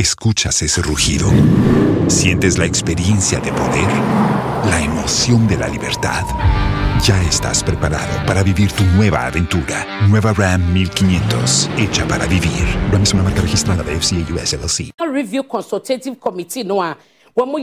Escuchas ese rugido. Sientes la experiencia de poder, la emoción de la libertad. Ya estás preparado para vivir tu nueva aventura. Nueva Ram 1500, hecha para vivir. Ram es una marca registrada de FCA US LLC. Review Consultative Committee no a wɔn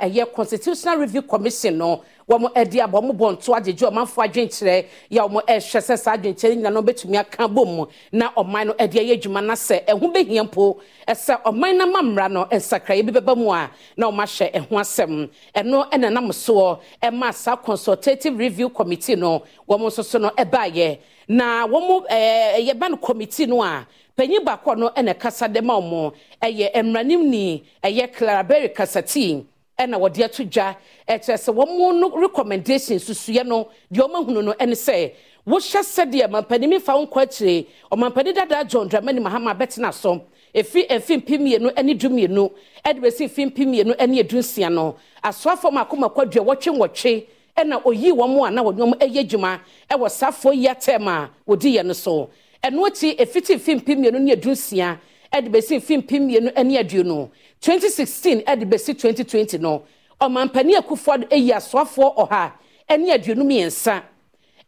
a Constitutional Review Commission no wɔn ɛdi aba wɔn bɔ nto agyegye ɔmanfo adwenkyerɛ yɛ wɔn ɛhwɛ sɛ saa adwenkyerɛ nyinaa no bɛtumi aka bom mu na ɔman no ɛdi ɛyɛ adwuma na sɛ ɛho bɛhia mpo ɛsɛ ɔman na mamra no nsakraeɛ bi bɛba mu a na wɔn ahyɛ ɛho asɛm ɛno ɛna nam soɔ ɛma saa consultative review committee no wɔn nso so no ɛbaayɛ na wɔn ɛɛ yɛba no committee no a panyin baako no ɛna ɛkasa dɛm a wɔn ɛyɛ mmaranimni ɛyɛ clarabelle kasatii ɛna wɔde ato dwa ɛkyerɛ sɛ wɔn no recommendation susuɛ no deɛ wɔn ahunu no ɛne sɛ wohyɛ sɛdeɛ mampanin fa nkɔ akyire ɔmampanin dada john dramani mahama bɛtena so efi efi mpi mmienu ɛne du mmienu ɛde bɛsi efi mpi mmienu ɛne edu nsia no asoafo mako mako adua wɔtwe wɔtwe ɛna oyi wɔn a na wɔn ɛyɛ adwuma ɛwɔ safoɔ yi atɛm a wɔdi yɛ no so ɛno akyi efiti efi mpi mmienu ne edu nsia ɛde bɛsi efi mpi mmienu ɛne edu no 2016 ɛde bɛsi 2020 no ɔmampanin akufoɔ ayi asoafoɔ ɔha ɛne aduonu mmiɛnsa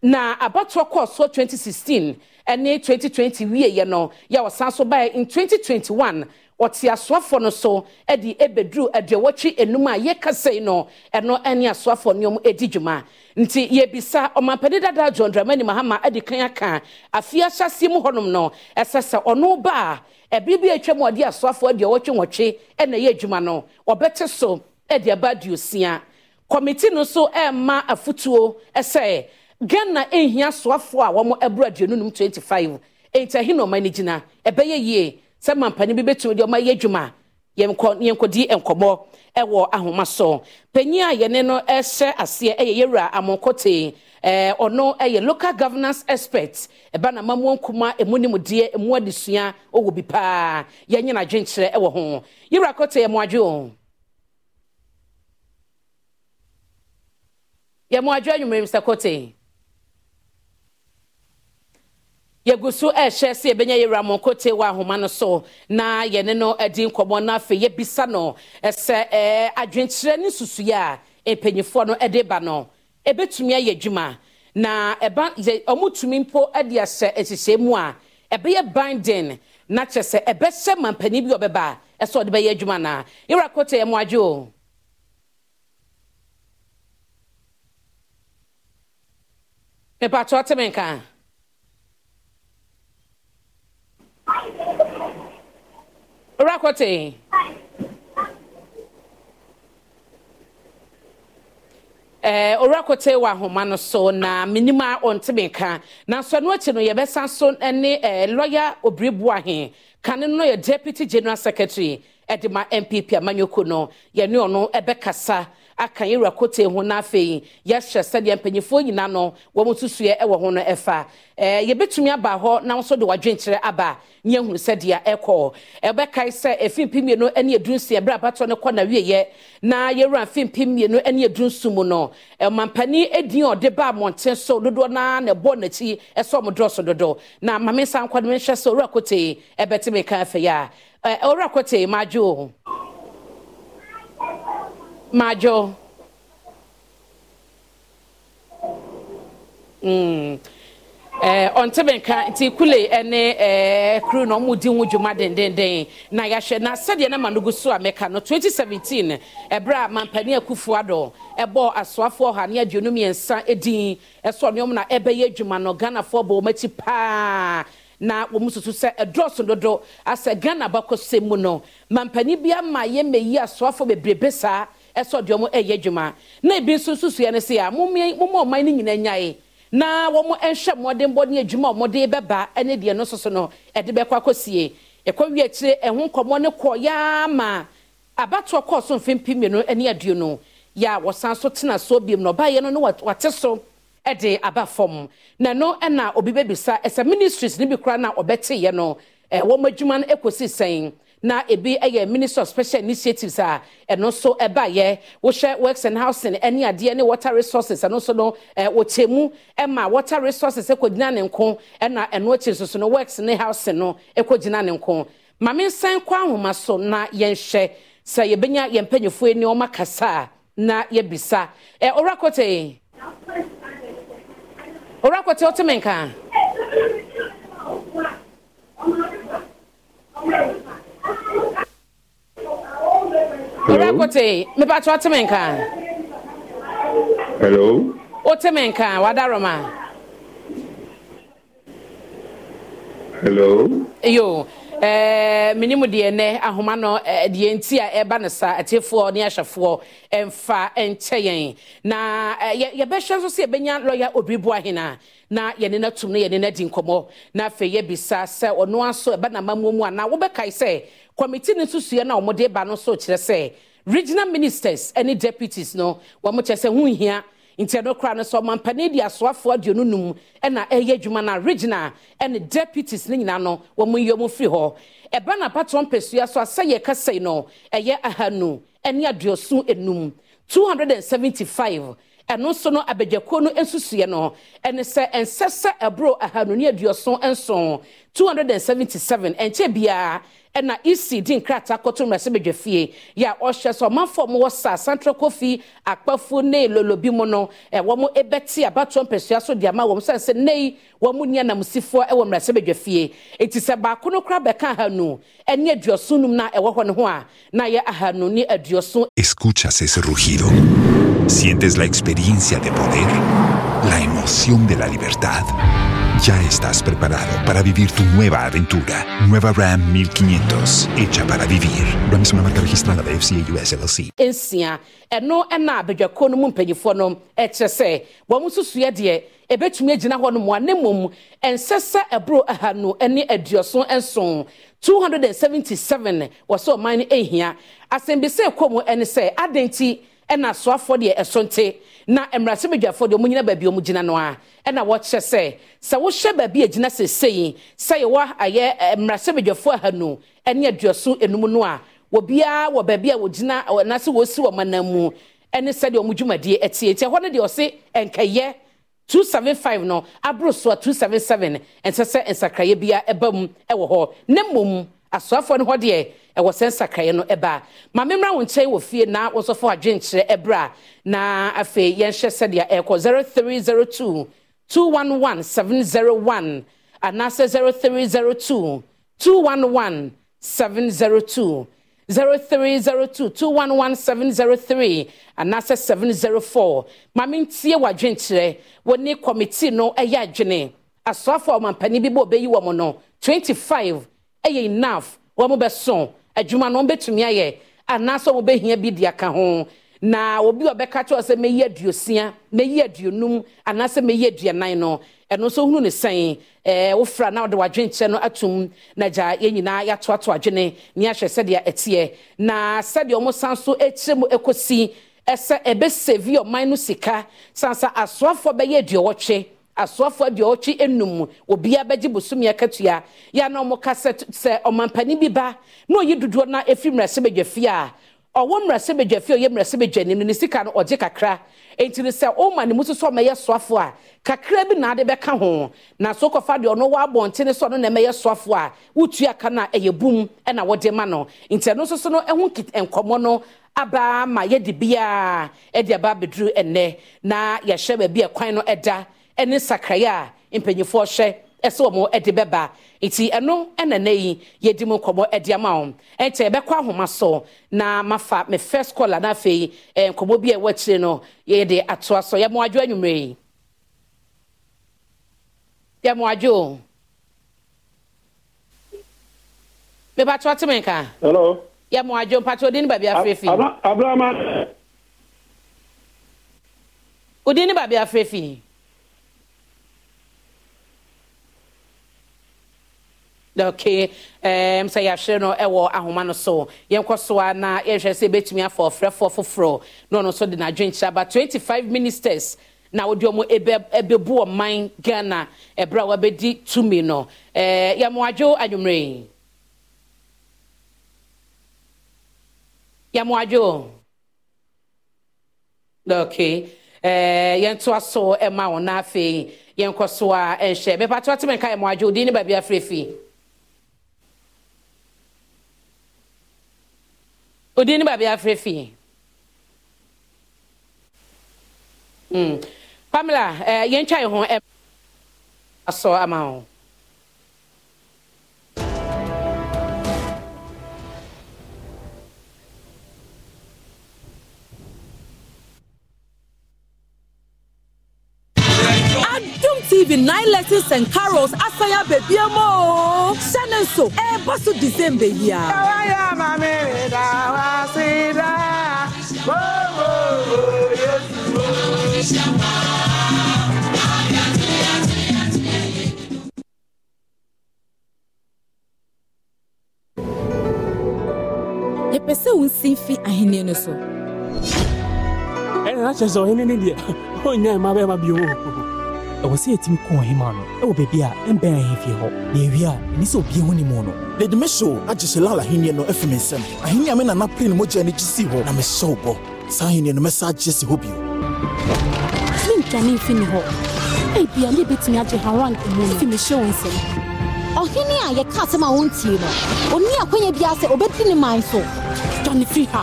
na abatoɔ kɔɔ 2016 ɛne 2020 wieyɛ no yɛ ɔsan so baɛ in 2021 ɔte asoafo no so de bɛduru aduawɔtwi enum a yɛkasa yi no ɛno ne asoafo nneɛm dwuma nti yɛbisa ɔmampani dada john dramani mahama ma kan aka afie ahyɛseɛ mu hɔnom no ɛsɛ sɛ ɔno a bi atwam ɔde asoafo aduawɔtwe nwɔtwe ɛna ɛyɛ adwuma no ɔbɛte so aba aduosia kɔmiti no nso afotuo ɛsɛ ghana a wɔn aburo sɛ mampani bi bɛtumi deɛ ɔmayɛ adwuma a yɛnkɔdi nkɔmmɔ wɔ ahoma so panyin a yɛne no hyɛ aseɛ yɛ yɛwura amonkotee ɔno yɛ local governance expert ɛba na mamoa nkuma ɛmu nimdeɛ ɛmu adesua ɔwɔ bi paa yɛnyina adwenkyerɛ wɔ ho yɛwura mr yɛgu so ɛrehyɛ sɛ e yɛbɛnya yɛwura mo nkote wɔ ahoma no so na yɛne no adi e nkɔmmɔ no afei yɛbisa no e, ɛsɛ ɛɛ adwenkyerɛ ne susuyɛ a mpanyinfoɔ no de ba no ɛbɛtumi ayɛ adwuma na ɛba yɛ ɔmotumi mpo de ahyɛ nhyehyɛ mu a ɛbɛyɛ binding na kyerɛ sɛ ɛbɛhyɛ ma mpanyin bi a ɔbɛba ɛsɛ ɔde bɛyɛ adwuma na yɛwura kote yɛ mo adwo o. mepatɔ temi owura kɔte ɛɛ eh, owura kɔte wɔ ahoma no so na menim a ɔnte me na nso ɛno akyi no yɛbɛsa so eh, ne ɛɛ lɔya obiribuahe kane no yɛ deputy general secretary ɛde ma npp amanyɔkuo no yɛne ɔno ɛbɛkasa. aka yɛwura kote ho na afei yɛhwɛ sɛdeɛ mpanyinfoɔ nyinaa no wɔn susuɛ wɔ ho no ɛfa ɛɛ yɛbɛtumi aba hɔ na nso de wadwenkyerɛ aba ne ehunu sɛdeɛ ɛkɔ ɛbɛkae sɛ efimpim mmienu ne edu nsia ebere abatoɔ no kɔ na wieɛ na yɛwura fimpim mmienu ne edu nsu mu no ɛmampanin edin ɔde ba abɔnten so dodoɔ naa na ɛbɔ n'akyi ɛsɛ ɔmo dɔɔso dodo na maame nsa nkɔ no nhwɛ sɛ owura kote ɛbɛte mi kan afɛ yɛ ɛɛ owura major ɔntebenka hmm. eh, nti kule ne eh, kuru na ɔmo eh, di ho dwuma dendenden na yɛahwɛ na sɛdeɛ na ma no gu so a mɛka no 2017 ɛberɛ a mampanin akufo adɔ ɛbɔ asoafoɔ ɔha ne aduonu mmiɛnsa din ɛsɔ nneɛma na ɛbɛyɛ adwuma no ghanafoɔ bɔ wɔn akyi paa na wɔn soso sɛ ɛdɔɔso dodo asɛ ghana bakɔsɛ mu no mampanin bi ama yɛ mɛyi asoafoɔ bebrebe saa ɛsɔ deɛ ɔmo ɛyɛ adwuma na ebi nso susuɛ no si a mɔmɔ ɔman no nyinaa nyae na wɔn nhwɛ mmɔdenbɔ ne adwuma a wɔde bɛba ne deɛ no soso no ɛde bɛkɔ akɔsie ɛkɔ wie akyire ɛho nkɔmɔ ne kɔ yaa ma abatoɔ kɔɔ so mfimfin mmienu ne aduo no yɛ a wɔsan so tena so biem na ɔbaayɛ no no wɔte so ɛde aba fam na no ɛna obi bɛbisa ɛsɛ ministries ne bi kora na ɔbɛteeɛ no ɛwɔn adwuma no kɔsi sɛn na ebi yɛ minister of special initiatives a ɛno nso ɛba yɛ wohyɛ works and housing ɛne adeɛ ne water resources ɛno nso no ɛɛ wɔte mu ɛma water resources ɛkɔgyina ne nko ɛna ɛno akyi nso so no works ne housing no ɛkɔgyina ne nko maame nsan kɔ ahoma so na yɛnhyɛ sɛ yɛbɛnya yɛn mpanyinfoɔ yi ne wɔn na yɛbisa ɛɛ ɔwura kɔtɛ ɔwura kɔtɛ ɔte Hello. Rakote, me pa chwa teme nka. Hello. O teme nka, wadaroma. Hello. Yo, eh, minimu eh, a ɛba ne sa atiefoɔ ne ahwɛfoɔ ɛmfa ɛnkyɛ yɛn na si eh, ebe sɛ yɛbɛnya ya obibu ahena na yɛne no atum na yɛne no nkọmọ na afei yɛbisa sɛ a na committee no nsusuɛ no a wɔde ba no kyerɛ sɛ regional ministers ne deputies no wɔn kyerɛ sɛ ho hia nti ɛno kora no sɛ ɔmampanin di asoafoɔ aduonu num ɛna ɛyɛ adwuma na regional ɛne deputies ne nyinaa no wɔn yɛ wɔn firi hɔ ɛba na apatoɔ mpɛsua so asɛ yɛ kasa yi no ɛyɛ ahanu ne aduosu enum two hundred and seventy five ɛno nso no abagyakuo no nsusuɛ no ɛne sɛ ɛnsɛ ɛboro ahanu ne nson two hundred and seventy seven ɛnkyɛ biara ɛna ec di nkrataa kɔtɔ mmerɛ sɛ yɛ a ɔhyɛ sɛ ɔmanfoɔ mo wɔ sa santra kofi akpafu ne lolobi mu no ɛwɔ mo ebɛte abatoɔ mpɛsua so de ama wɔn sɛ sɛ nei wɔn mo nia namsifoɔ ɛwɔ mmerɛ sɛ eti sɛ baako no kora bɛka ahanu ɛne aduɔson num na ɛwɔ hɔ no ho a na yɛ ahanu ne aduɔson. escuchas ese rugido. Sientes la experiencia de poder, la emoción de la libertad. Ya estás preparado para vivir tu nueva aventura. Nueva Ram 1500, hecha para vivir. Ram es una marca registrada de FCA US LLC. Nsia, eno ɛna abadwakuo no mu mpanyinfoɔ no ɛkyerɛ sɛ wɔn nsusua deɛ ebetumi agyina hɔ nom a ne mmom nsɛsɛ aha no ɛne aduoson nson two hundred and seventy seven wɔ sɛ ɔman no ehia asɛnbisɛ kɔn mu ɛne sɛ adanti. ɛna asoafoɔ deɛ ɛso nte na mmarasɛbadwafoɔ deɛ ɔmo nyina baabi ɔmo gyina no a ɛna wɔkyerɛ sɛ sɛ wohyɛ baabi a gyina seesei sɛ yɛwɔ ayɛ eh, mmarasɛbadwafoɔ ahanu ɛne aduoso enum no a obiara wɔ baabi a wɔgyina n'ase wɔsi wɔn anan mu ɛne sɛdeɛ ɔmo dwumadie ɛteɛ tie hɔ no deɛ ɔse nkɛyɛ two seven five no aburo so two seven seven ɛnsɛ sɛ nsakraeɛ biara ɛba mu ɛwɔ hɔ ne mmom asoafoɔ no hɔ deɛ ɛwɔ sɛ nsakraeɛ no ɛbaa maame mmra wo nkyɛn wɔ fie na wɔsɔfo adwenkyerɛ ɛberɛ a na afei yɛnhyɛ sɛdeɛ ɛrekɔ 0302 211 701 anaasɛ 0302 211 702 0302 211 703 anaasɛ 704 maame ntie wɔ adwenkyerɛ wɔne kɔmitii no ɛyɛ adwene asoafoɔ a ɔmampanin bi bɔ ɔbɛyi wɔ mo no 25 ɛyɛ enough wɔn bɛso adwuma no wɔn bɛtumi ayɛ anaasɛ wɔn bɛhia bi di aka ho na obi a ɔbɛka kyerɛ sɛ mɛyi aduosia mɛyi aduonum anaasɛ mɛyi aduanan no ɛno nso hunu ne sɛn ɛɛ e, wofra na ɔde wadwenkyɛ no atum na gya yɛn nyinaa yɛatoato adwene ne ahwɛ sɛdeɛ ɛteɛ na sɛdeɛ wɔn san so akyire mu ɛkɔsi ɛsɛ e ɛbɛsɛvi e ɔman no sika sansa asoafoɔ bɛyɛ aduowɔtwe asoafoɔ deɛ ɔtwe num mu bɛgye bosomi akatua na sɛ bi ba na oyi dodoɔ na efi mmerɛsɛ a ɔwɔ mmerɛsɛ badwafie a ɔyɛ mmerɛsɛ badwani no ne sika no ɔgye kakra ɛntini sɛ ɔma ne mu a kakra bi bɛka ho na so kɔfa deɛ ɔno wɔ abɔntene sɛ ɔno na ɛmɛyɛ a wotua ka na a ɛyɛ bum ɛna wɔde ma no nti ɛno nso so no ɛho abaa ma yɛde biaa ɛde aba abɛduru na yɛhyɛ baabi ne sakraeɛ a mpanyinfoɔ hyɛ ɛsɛ wɔn de bɛba nti ɛno ɛna na yi yɛdi mu nkɔmɔ de ama wɔn ɛnkyɛn yɛbɛkɔ ahoma so na mafa me first call na afei ɛɛ nkɔmɔ bi a ɛwɔ akyire no yɛde atoa so yɛmo adwo anwummerɛ yi yɛmo adwo mepatɔ te me nka hello yɛmo adwo mpatɔ din ne baabi afeefi abrahama odin ne baabi afeefi. okay um, sɛ yɛahwere no eh, wɔ ahoma no so yɛnkɔ so a ah, na yɛhwɛ sɛ yɛbɛtumi afa ɔfrɛfoɔ foforɔ na ɔno nso de n'adwenkyerɛ aba 25 ministers na wɔde wɔn ɛbɛbu ɔman ghana ɛberɛ eh, eh, a wɔabɛdi tumi no ɛɛ yɛmoadwo anwummerɛ yi yɛmoadwo okay ɛɛ yɛntoa so ɛma wɔn na afei yɛnkɔ so ah, a ɛnhyɛ mepatoa temi nka yɛmoadwo din ne baabi afirɛfie odin ne baabi afrɛ fie mm. pamela eh, yɛntwa ye ho eh, asɔ ama wo TV nine lessons and carols asaya baby mo. Shannon so, eh, basu December year. How are you, mommy? yɛpɛ sɛ wo nsi fi ahenni no so ɛnana kyerɛ sɛ ɔhene ne deɛ ɔnnya mma bɛma bio ɛwɔ sɛ yɛtumi kɔ ɔhema no ɛwɔ baabi a ɛmbɛn ahemfie hɔ na ɛwie a ɛni sɛ obie ho ne mu no mede me hyew agye hyɛ lal ahenniɛ no afi me nsɛm ahenni a me nana pere ne mogya no gye sii hɔ na mehyɛ wo bɔ saa ahenniɛ no mɛsa agye si hɔ bio mentwane mfi ne hɔ ebia ne bɛtumi agye harank mu no fi mehyɛ wo nsɛm ɔhene a yɛka asɛm a wontie no ɔnni akwanya biara sɛ ɔbɛdi ne man so dwane firi ha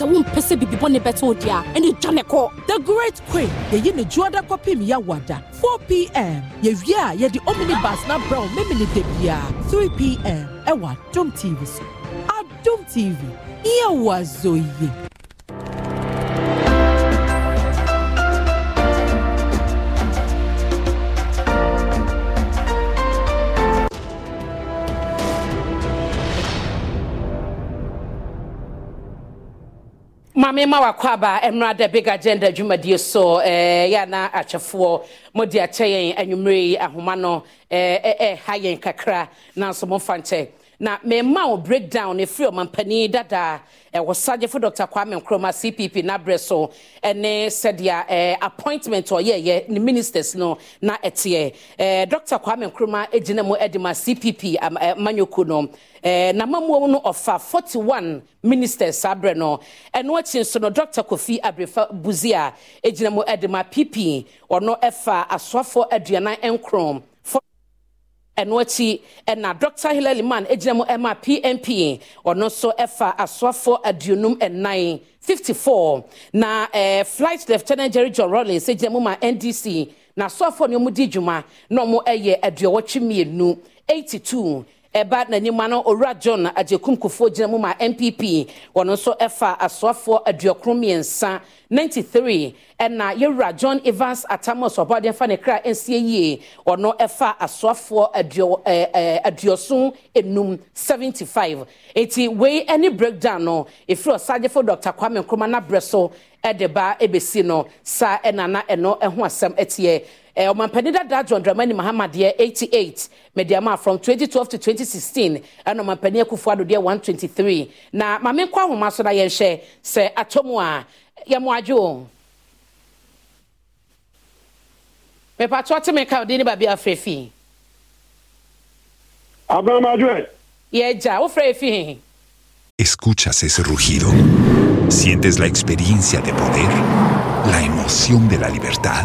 sɛ wompɛ sɛ biribi bɔne bɛte wo deɛ a ɛne dwa ne kɔ the great queen yɛyi ne dwoada kɔpem yɛawo ada 4 pm yɛwie a yɛde omnibus na brɛ wo memene da biara 3 pm ɛwɔ adom tv so adom tv yɛwɔ azɔ yie maame ma wakɔ aba mmerɛ da big agenda dwumadie so eh, yɛana akyɛfoɔ mode akyɛ yɛn anwummerɛ yi ahoma no ɛha eh, eh, eh, yɛn kakra nanso momfa nkyɛ na mmarima wɔ breakdown na efiri ɔmampanin dadaa ɛwɔ sagyefo dr kwame nkrumah cpp n'abrɛ so ɛne sɛdeɛ ɛɛ appointment ɔyɛɛyɛ ne ministers no na ɛteɛ ɛɛ dr kwame nkrumah egyina mu ɛde ma cpp amanyɔkuo no ɛɛ n'amamuo no ɔfa forty one ministers abrɛ no ɛno akyi nso no dr kofi abrefa buzi a egyina mu ɛde ma pp ɔno ɛfa asoafo aduanan nkron ɛno akyi ɛna dr hilary man gyina e mu ma pnp ɔno nso ɛfa asoafoɔ aduonum ɛnan 54 na eh, flight lieutenant jerry john rollins gyina e mu ma ndc na asoafoɔ ne ɔmo di dwuma na ɔmo yɛ aduowɔtwe mmienu 82 ɛba n'anim ano owura john agyekum kufuo gyina mu ma npp wɔn nso ɛfa asoafoɔ aduokron mmiɛnsa ninety three ɛna yɛwura john evans atamos ɔbɔden fa ne kra nsie yie ɔno ɛfa asoafoɔ aduo ɛɛ ɛɛ enum seventy five eti wei ɛne breakdown no efiri ɔsagyefo dr kwame nkrumah n'abrɛ so ɛde ba ebesi no saa ɛna na ɛno ɛho asɛm ɛteɛ. ɔmampani eh, dadaa john dramani Muhammad de 88 Mediama from 2012 to 2016 and ɔmampani akufo ado deɛ 123 na maame nkɔ ahoma so na yɛnhyɛ se atɔ mu a yɛmo adwe o mepatoɔ te meka wode ne baabi Escuchas ese rugido. Sientes la experiencia de poder, la emoción de la libertad.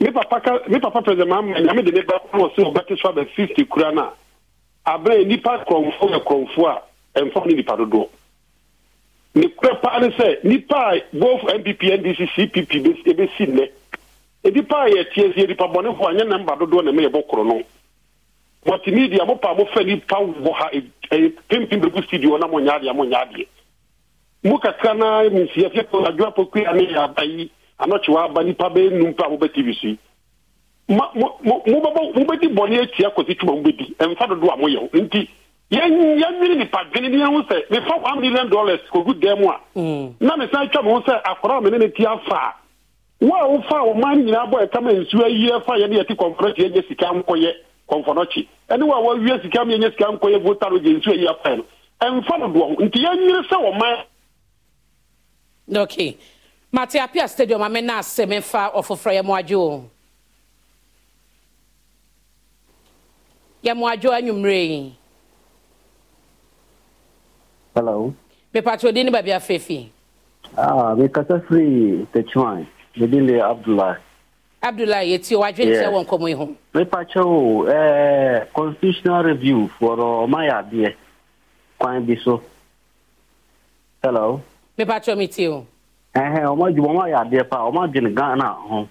me papa ka me papa president maama nyame de ne ba kɔn ɔsɛ ɔbɛte so abɛ fifty kura na abɛn nipa kurɔnfo yɛ kurɔnfo a ɛnfa ni nipa dodoɔ ne kura paa ne sɛ nipa a both npp ndc cpp ebesi nnɛ nipa a yɛ tie sie nipa bɔne ho a nyɛ namba dodoɔ na ɛmɛ yɛ bɔ korɔ no multimedia mo paa mo fɛ nipa wɔ ha ɛɛ e, e, pimpim bɛgu studio na mo nya adeɛ mo nya adeɛ mo kakra na nsia fiɛ adwa pokua ne yɛ abayi anɔkye waaba nipa bɛyɛ num pɛ a mobɛti bi so yi mobɛdi bɔne atia kɔsi twuma mobɛdi ɛmfa dodo a moyɛ wo nti yɛnwene nipadwene ne yɛho sɛ mefa one million dollars kɔgu dɛ mu mm. a na mesan twa me ho sɛ akɔra a mene ne ti afa a wo a wofa a ɔma no nyinaa bɔ ɛkama nsuo ayie fa yɛne yɛte kɔmfɔnɔkye yɛnyɛ sika nkɔyɛ kɔmfɔnɔkye ɛne wo a wawie sika m yɛnyɛ sika nkɔyɛ vota no gye nsuo ayi afae no ɛmfa dodoɔ ho nti yɛnwene sɛ ɔma okay mate apia stadium ame na ase memfa ɔfoforɔ yɛ mo adwo yɛ mo adwo hello mepatro din ne baabi afeefi ah mekasa firi techuan medin de abdullah abdullahi yɛti wadwe nkyɛ wɔ nkɔmmɔ yi ho mepatro o eh, constitutional review for ɔmayɛ uh, adeɛ kwan bi so hello mepatro me ehe ọmajigbo ọma ya adịa pa ọmajin ghana ho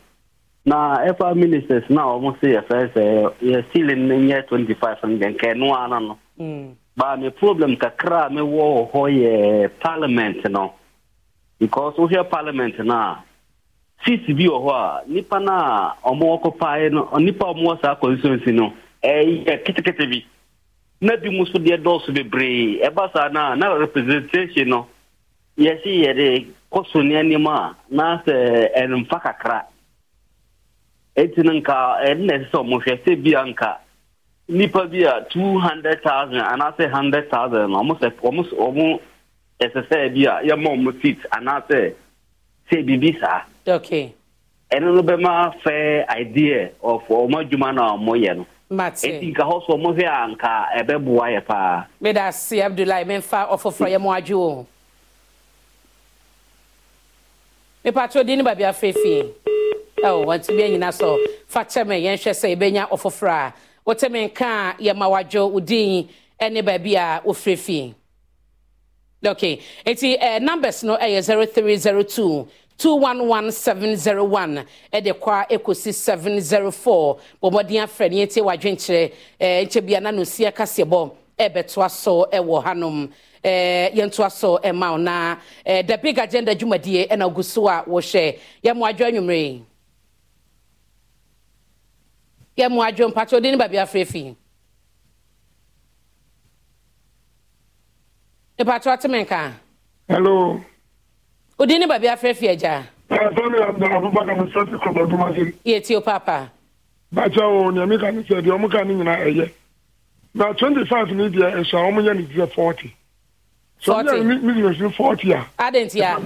na ɛfa ministers na ɔmo se yɛfɛ sɛ yɛ ceiling no nyɛ twenty five hundred nkɛ no ara no hmm. baa problem kakra a mewɔ wɔ hɔ yɛ parliament no because wohwɛ parliament no a seat bi wɔ hɔ a nipa na a ɔmo ɔkɔpaeɛ no nipa a wɔ saa constituency e bi na bi mu nso deɛ dɔɔso bebree ɛba e saa na na representation no yɛsi yɛde kɔ so ne anim a na sɛ eh, kakra ɛti no nka eh, ɛne na ɛsɛ sɛ ɔmohwɛ sɛ bia nka nipa bi two hundred thousand anaasɛ hundred thousand ɔmo sɛ ɔmo ɔmo ɛsɛ sɛ bi a yɛma ɔmo seat anaasɛ sɛ biribi saa okay ɛno no bɛma fair idea of ɔmo adwuma na ɔmo yɛ no mate nka hɔ so ɔmo hwɛ a nka ɛbɛboa yɛ paa meda ase abdullahi memfa ɔfoforɔ yɛ mo adwo mepatro di ne baabi afeefee ɛwɔ wɔn ti bi anyina so fa kyɛmɛ yɛn hwɛ sɛ ebenya ɔfoforɔ a wɔtɛmɛ nka a yɛma wadwo odin ɛne baabi a ofurefie okay eti ɛɛ eh, numbers no ɛyɛ eh, zero three zero two. 211701 ɛde kɔ a ɛkɔsi 704 bɔ mmɔden afrɛ ne yɛtie wadwenkyerɛ ɛɛ nkyɛ bia na no si akaseɛ bɔ ɛbɛtoa so ɛwɔ hanom eh, yɛntoa so eh, ma na eh, the big agenda dwumadie ɛna eh, gu so a wɔhyɛ yɛmo adwo anwummere yɛmo adwo mpakyɛ ɔde ne baabi afrɛ fi mpakyɛ ɔte hello ɔde ne baabi afrɛ fi agya yɛtio papa bakyɛ o nea meka ne sɛ deɛ ni ne nyinaa ɛyɛ na 25 ne deɛ ɛhyɛ a ɔmonyɛ ne ti sɛ forty forty sọdí ẹni mílíọ̀nù sí forty ah. ah. a. adenti a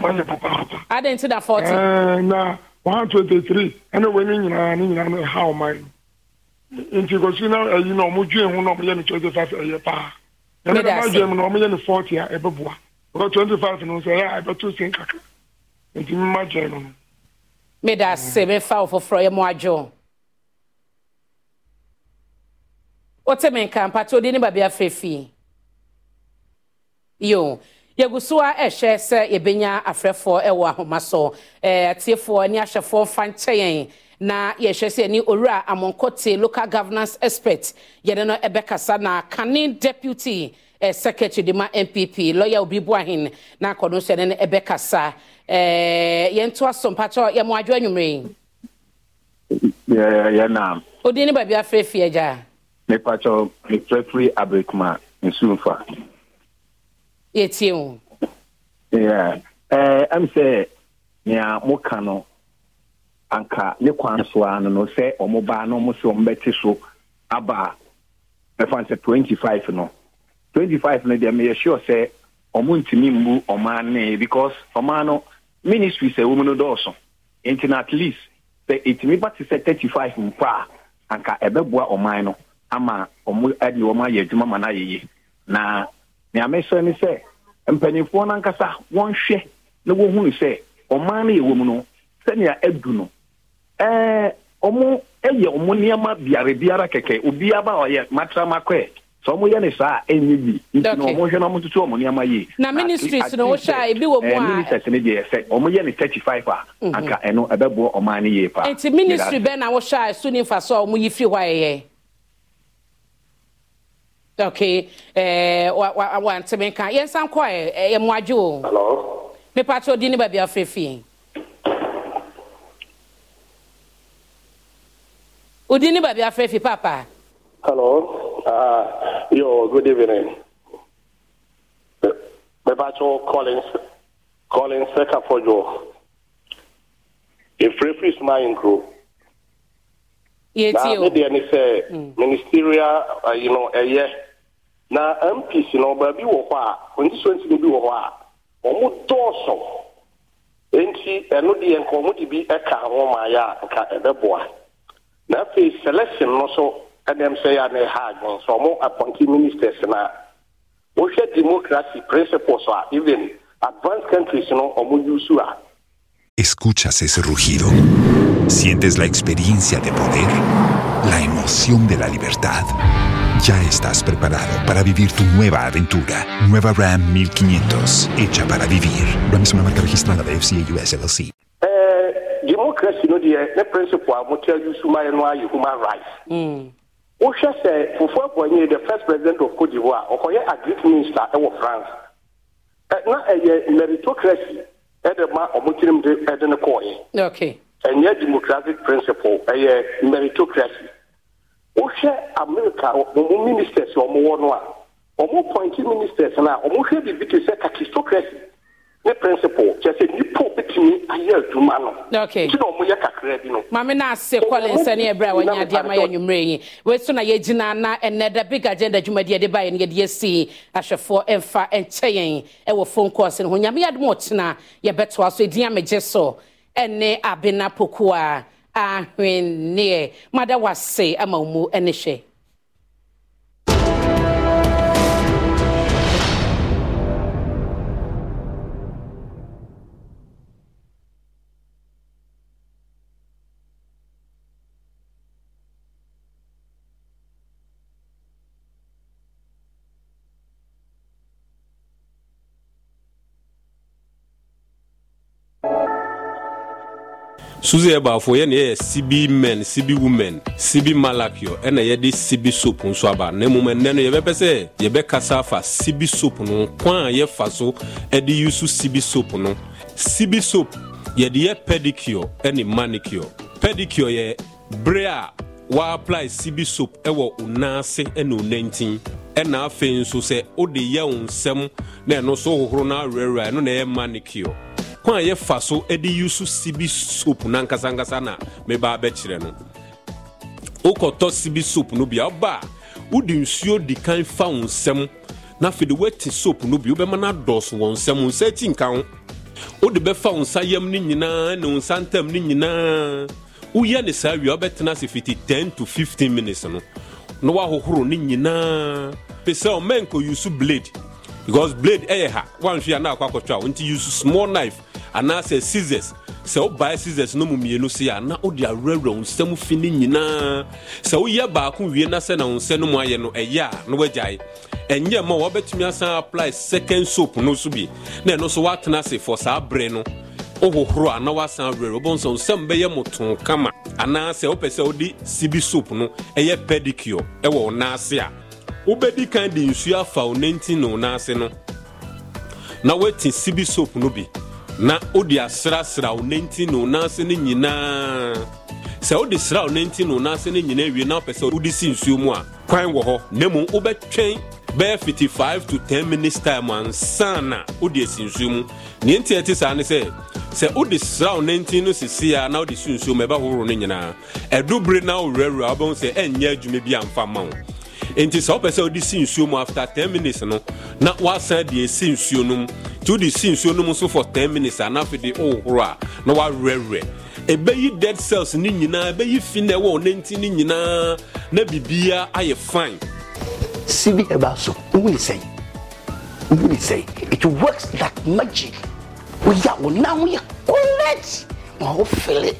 adenti da forty. Eh, na one twenty three ẹni wo ni nyinaa ni nyinaa ni ha ọma yi nti kò sí náà ẹyin náà ọmọ ju ehun náà ọmọ yẹ ni twenty five ẹyẹ paa ẹni náà má jẹ mu náà ọmọ yẹ ni forty a ah, ẹbẹ bua ọkọ twenty five ní sọ ẹ ẹbẹ tó sẹ kàkà nti mi má jẹ mu. mi da se mi fa òfófóró yẹ mu adjo. o tẹ mi nkan pàtó di ní bàbá afẹ́fẹ́ yo yɛgu eh, so a ɛhyɛ sɛ yɛbɛnya afrɛfoɔ ɛwɔ eh, ahoma so ɛɛ eh, atiefoɔ ne ahyɛfoɔ fa nkyɛ na yɛhwɛ sɛ ni owura amonkote local governance expert yɛne no ɛbɛkasa na kane deputy eh, secretary de ma npp lɔya obi buahin na akɔno nso yɛne no ɛbɛkasa ɛɛ yɛnto asompakyɛ yɛmo adwo anwummere yɛnam odin ne baabi afrɛfie agya mepakyɛw mefrɛfiri aberekuma nsumfa yɛtie wo ɛm eh, sɛ nea moka no anka ne kwan so a no no sɛ ɔmo baa no ɔmo sɛ ɔmo bɛte so aba ɛfa sɛ twenty five no twenty five no deɛ meyɛ sure sɛ ɔmo ntumi mbu ɔmaa nee because ɔmaa no ministry sɛ no dɔɔso nti na at least sɛ ba te sɛ thirty five mpo a anka ɛbɛboa no ama ɔmo ɛde ayɛ adwuma ma no ayɛ yie na nea mehyɛ ne sɛ mpanyinfoɔ n'ankasa wɔnhwɛ na wɔhunu sɛ ɔman no yɛ mu no sɛnea adu no ɔmo ɛyɛ ɔmo nneɛma biara biara kɛkɛ obiara ba ɔyɛ matrama kɔɛ nti na tutu nneɛma yie. na ministries a ebi wɔ mu a. ministers deɛ sɛ yɛ thirty five a. Mhm. ɛno so a yi fi hɔ ayɛyɛ. okay ɛɛ eh, wa wa wa ntɛmɛ kan yɛn nsa nkɔ ɛ eh, ɛyɛ eh, mu adwo o. hello. mipa tí o di ni baabi afɛ fi. o di ni baabi afɛ fi papa. hello uh, yo good evening. mipa tí o collins collins seka fɔjɔ efirefiri suma yin kuro. na deɛ ne sɛ mm. ministerial ayi uh, no ɛyɛ na mps no baabi wɔ hɔ a constituency no bi wɔ hɔ a wɔn dɔɔso nti ɛno deɛ nka wɔn de bi ka ho ma yɛ a nka ɛbɛboa na afei selection no so ɛnam sɛ yɛ a na ɛha adwene so wɔn appointee ministers na wɔhwɛ democracy principles a even advanced countries no wɔn use a. escuchas ese rugido. ¿Sientes la experiencia de poder? ¿La emoción de la libertad? Ya estás preparado para vivir tu nueva aventura. Nueva Ram 1500, hecha para vivir. Ram es una marca registrada de FCA US LLC. Eh, democracy no die, the principle a mokyɛ yusumayɛ no ayɛ human rights wohwɛ mm. sɛ fufuo akɔnye the first president of cote divoire ɔkɔyɛ agric minister ɛwɔ e france eh, na ɛyɛ eh, meritocracy ɛde e ma ɔmo tirim e de ɛde ne Okay. ɛnyɛ democratic principle ɛyɛ meritocracy wohwɛ america ɔmo ministers ɔmo wɔ no a ɔmo point ministers na a ɔmo hwɛ biribi te sɛ kakistocracy ne principle kyerɛ sɛ nipa obetumi ayɛ adwuma no nti na ɔmo yɛ kakra bi no maame no ase kɔle nsa ne ɛberɛ a wɔnyɛ adeɛ ama yɛ anwummerɛ yi wei na yɛgyina na ɛnɛ da big agenda dwumadi yɛde baeɛ no yɛde yɛsii ahwɛfoɔ ɛmfa ɛnkyɛ yɛn ɛwɔ phone calls no ho nyame yɛadom ɔtena yɛbɛtoa so ɛdin amegye so ne abena pokuo a ahwenneɛ mada wase ama wo mu ne hwɛ suzu yɛ b'a fɔ yɛni yɛ sibi men sibi women sibi malakiyɔ ɛna yɛde sibi soap nso aba ne mu mɛ nɛnu yɛbɛ pɛ sɛ yɛbɛ kasa fa sibi soap no kwan a yɛ fa so ɛde yusu sibi soap no sibi soap yɛde yɛ pedicure ɛne manicure pedicure yɛ bere a wɔapply sibi soap ɛwɔ o nan ase ɛna o nan tin ɛna afei nso sɛ o de yɛ o nsɛm na ɛno so hohoro na awurawura ɛno na ɛyɛ manicure kwan a yɛfa so de yusu sibi soap nankasankasa na meba bɛkyerɛ no wokɔtɔ sibi soap no bia ɔba a wode nsuo di kan fa wo nsɛm na afei de woati soap no bi wobɛma no adɔɔso wɔ nsɛm wo nsa akyi nka ho wode bɛfa wo nsa yam no nyinaa ne wo nsa ntam no nyinaa woyɛ ne saa wie wobɛtena ase fiti 10 to 15 minutes no na woahohoro no nyinaa pɛ sɛ ɔma nkɔyusu blade because blade ɛyɛ ha woanhwe a na akɔ akɔtwa wo nti use small knife anaasɛ scissors sɛ wobae scissors no mu mmienu si yɛ a na wode awerɛwerɛ wo nsɛm fi no nyinaa sɛ woyɛ baako wie na sɛ na wo nsɛ no mu ayɛ no ɛyɛ a na woagyae ɛnyɛ ma wɔbɛtumi asan apply second soap no so bi na ɛno nso woatena ase fɔ saa berɛ no wohohoro a na woasan awerɛwerɛ wobɛhu sɛ wo nsɛm bɛyɛ motoo kama anaasɛ wopɛ sɛ wode sibi soap no ɛyɛ pedicure ɛwɔ wo naase a wobɛdi kan de nsuo afa wo nantin ne wo naase no na woati sibi soap no bi na wode asrasra wo nanti no nanso no nyinaa sɛ wode sra wo nanti no nanso no nyinaa wie na wopɛ sɛ wode si nsuo mu a kwan wɔ hɔ na mmom wobɛtwɛn bɛyɛ 55 to 10 minutes time ansa na wode asi nsuo mu neɛ nti ɛte saa ne sɛ sɛ wode sra wo no a na wode si nsuo mu ɛbɛhohoro no nyinaa na wowerɛwerɛ wobɛhu sɛ ɛnyɛ adwuma bi amfa ma wo nti sɛ wopɛ sɛ wode si nsuo mu after 10 minutes no na woasan de ɛsi nsuo no mu nti wode si nsuo no mu so for 10 minutes anaa afei de wohohoro a na woawerɛwerɛ ɛbɛyi dead cells ne nyinaa ɛbɛyi fi na ɛwɔ ɔnanti ne nyinaa na biribiaa ayɛ fine si bi ɛba so wohune sɛe wohune sɛe it works that magic woyɛ wo na woyɛ correct ma wofele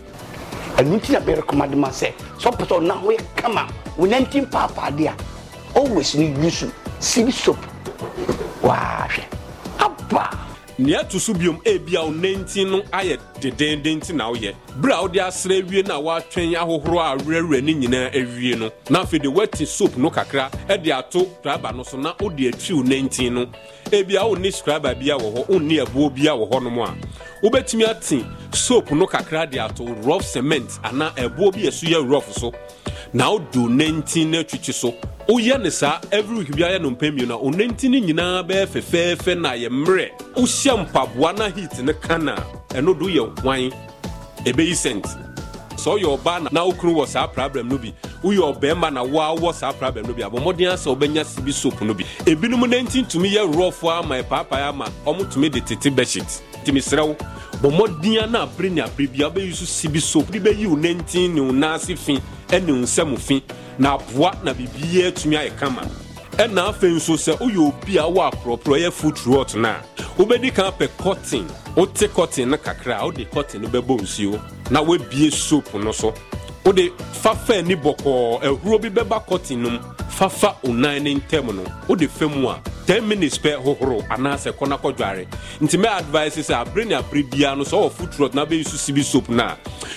ɛno nti na bɛrecommand ma sɛ sɛ wopɛ sɛ ɔna woyɛ kama wo nantim paapaadeɛ a o nwesịrị ne use sibi soap wahwɛ aba nea ɛto so biom ebia wo nantin no ayɛ dedenden nti na woyɛ bere a wode asra awie na a woatwɛn ahohoro a werɛwerɛ ne nyinaa awie no na afei de woati soap no kakra de ato scribe no so na wode atwi wo nantin no ebia wonni scribe bi a wɔ hɔ wonni ɛboɔ bi a wɔ hɔ nom a wobɛtumi ate soap no kakra de ato rough cement anaa ɛboɔ bi a ɛso yɛ rough so na wodo nantin no atwitwi so woyɛ ne saa every week biara no mpɛmmienu a ɔnanti no nyinaa bɛyɛ fɛfɛɛfɛ na yɛ mmerɛ wohyɛ mpaboa na heat ne ka no a ɛno do yɛ hwan ɛbɛyi sent sɛ ɔyɛ ɔbaa na wokunu wɔ saa problem no bi woyɛ ɔbɛrima na woawɔ saa problem no bi abɔmmɔden asɛ wobɛnya sibi soap no bi ebinom nanti ntumi yɛ rɔfoɔ ama ɛpaapae ama ɔmotumi de tete bɛhyit nti meserɛ wo bɔ mmɔdea na abere ne abere bia wobɛyi so sibi so de bɛyi wo nantin ne wo nan ase fi ne wo nsɛm fi na aboa na biribiaa atumi ayɛ kama ɛna afei nso sɛ woyɛ obi a wɔ aporɔporɔ yɛ foot rot na, a wobɛdi kan pɛ cotton wote cotton no kakra a wode cotton no bɛbɔ nsuo na woabie soap no so wode fafa ni bɔkɔɔ ahuro bi bɛba cotton no mu fafa onan ne ntam no wode fa mu a 10 minutes pɛ hohoro anaasɛ kɔnakɔ dware nti mɛ advice sɛ abere ne abere biara no sɛ ɔwɔ foot rot na bɛyi so sibi soap no a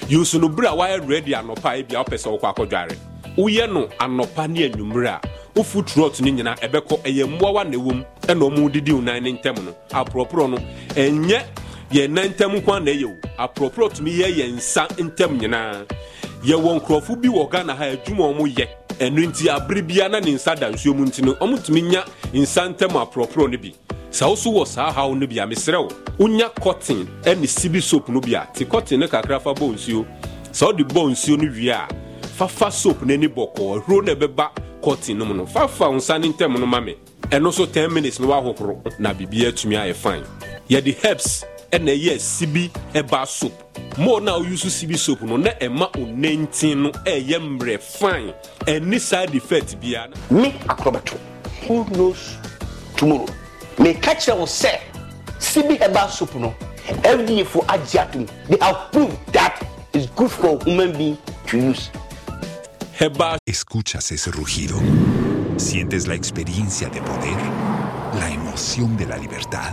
yɛsu no bere a wayɛ ready anɔpa a ebia wopɛ sɛ wokɔ akɔdware woyɛ no anɔpa ne anwummerɛ a wo foot rot no nyinaa ɛbɛkɔ ɛyɛ mmoawa na ɛwɔ mu ɛna ɔmo didi wo nan ne ntɛm no aporɔporɔ no ɛnyɛ yɛn nan ntɛm nko a na ɛyɛ o aporɔporɔ tumi yɛ yɛn nsa ntɛm nyinaa yɛwɔ nkurɔfo bi wɔ ghana ha adwuma ɔmo yɛ ɛno nti abere bia na ne nsa da nsuo mu nti no ɔmotumi nya nsa ntɛm aporɔporɔ no bi sɛ woso wɔ saa haw no bi a meserɛ wo wonya sibi soap no bi a te cotton no kakra fa bɔ nsuo sɛ wode bɔ nsuo no wie a fafa soap no ani bɔkɔɔ ahuro na ɛbɛba cotton no mu no fafa wo nsa ne ntɛm no ma me ɛno so ten minutes no woahohoro na biribiaa atumi ayɛ fine yɛde herbs ɛna ɛyɛ sibi ɛba soap mo na oyusu sibi soap no na ɛma onentin no ɛyɛ mmerɛ fine ɛni side effect bia. me akorɔbɛto who knows tomorrow meka kyerɛ wo sɛ sibi herbal soap no fda fo agye atom they have proved that it's good for human being to use. Heba. Escuchas ese rugido. Sientes la experiencia de poder, la emoción de la libertad.